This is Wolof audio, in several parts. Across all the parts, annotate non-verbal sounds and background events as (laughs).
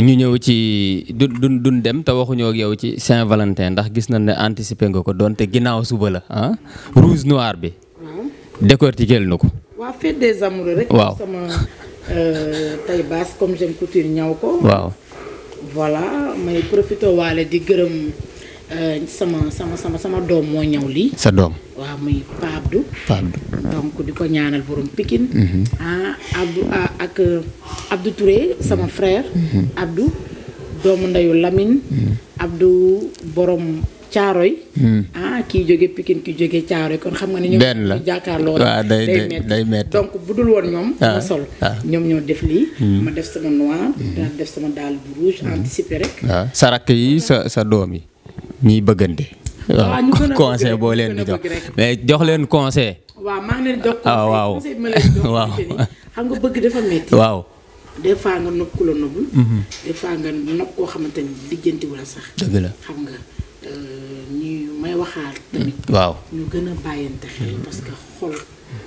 ñu ñëw ci du duñ dem te waxuñoo ak yow ci Saint-Valentin ndax gis nañ ne anticiper nga ko doonte ginnaaw suba la ah rouge noir bi. décortiquer na ko. waaw fête des rek. waaw sama euh, tay comme j'aime couture ñaw ko. waaw voilà may profité waale di gërëm. Euh, sama sama sama sama doom moo ñëw lii. sa doom waaw muy Pape Abdou. Pape Abdou donc di ko ñaanal borom Pikine. Mhm. Ah, ah, ak. Abdou Touré sama frère. Mhm. Abdou doomu ndeyu Lamine. Mhm. Abdou borom Caaroy. Mhm. ah kii jóge Pikine kii jóge Caaroy kon xam nga ne. benn la ñoom ñu day day metti donc bu dul woon ñoom. Ah, ma sol ah. ñoom ñoo def lii. ma def sama noir. daal def sama daal bu rouge anticiper rek. Ah, sa rakk yi sa sa doom yi ñiy bëggante. waaw conseil boo leen di jox mais jox leen conseil. waaw maa ngi jox conseil waaw. (laughs) des fois nga nopp ku la noppul. Mhm. des koo xamante ni lijjanti wala sax. dëgg la xam nga euh, ñuy may waxaat tamit. Mm, waaw ñu gën a bàyyante mm-hmm. parce que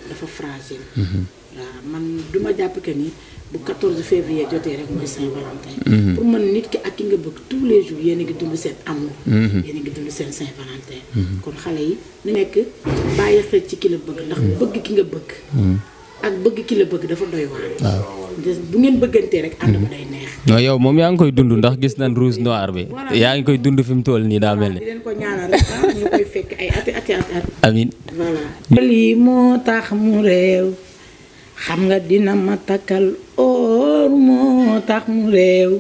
dafa fragile. Mm-hmm. man du ma jàpp que ni bu 14 février jotee rek mooy Saint-Valentin. Mm-hmm. pour man nit ki ak ki nga bëgg tous les jours yéen ngi dund seen amour. yéen ngi dund seen Saint-Valentin. kon xale yi na nekk bàyyi xel ci ki la bëgg ndax bëgg ki nga bëgg. ak bëgg ki la bëgg dafa doy waar. bu ngeen bëggantee rek mhm. yow moom yaa ngi koy dund ndax gis nañ rouge noir bi yaa ngi koy dund fi mu nii daa mel ni ah, fekk ay ati ati amin voilà moo tax mu réew xam nga dina ma takkal or moo tax mu réew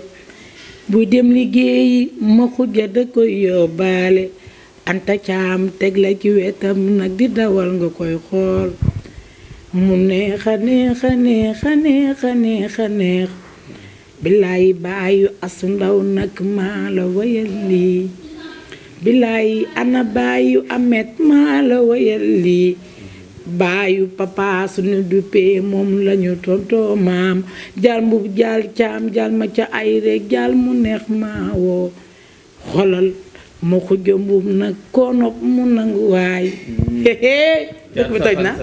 buy dem liggéeyi ma xujja da koy yóbbaale anta teg la ci wetam nag di dawal nga koy xool mu neex a neex a neex a neex a neex a neex bilaay baayu ndaw nag maa la wayal lii bilaay ana baayu amet maa la wayal lii baayu papa suñu duppee moom lañu tontoo maam jal mbub jal caam jal ma ca ay rek jal mu neex maa xolal ma xujo mbub nag konob mu nanguwaay mm. dëkk bi toj na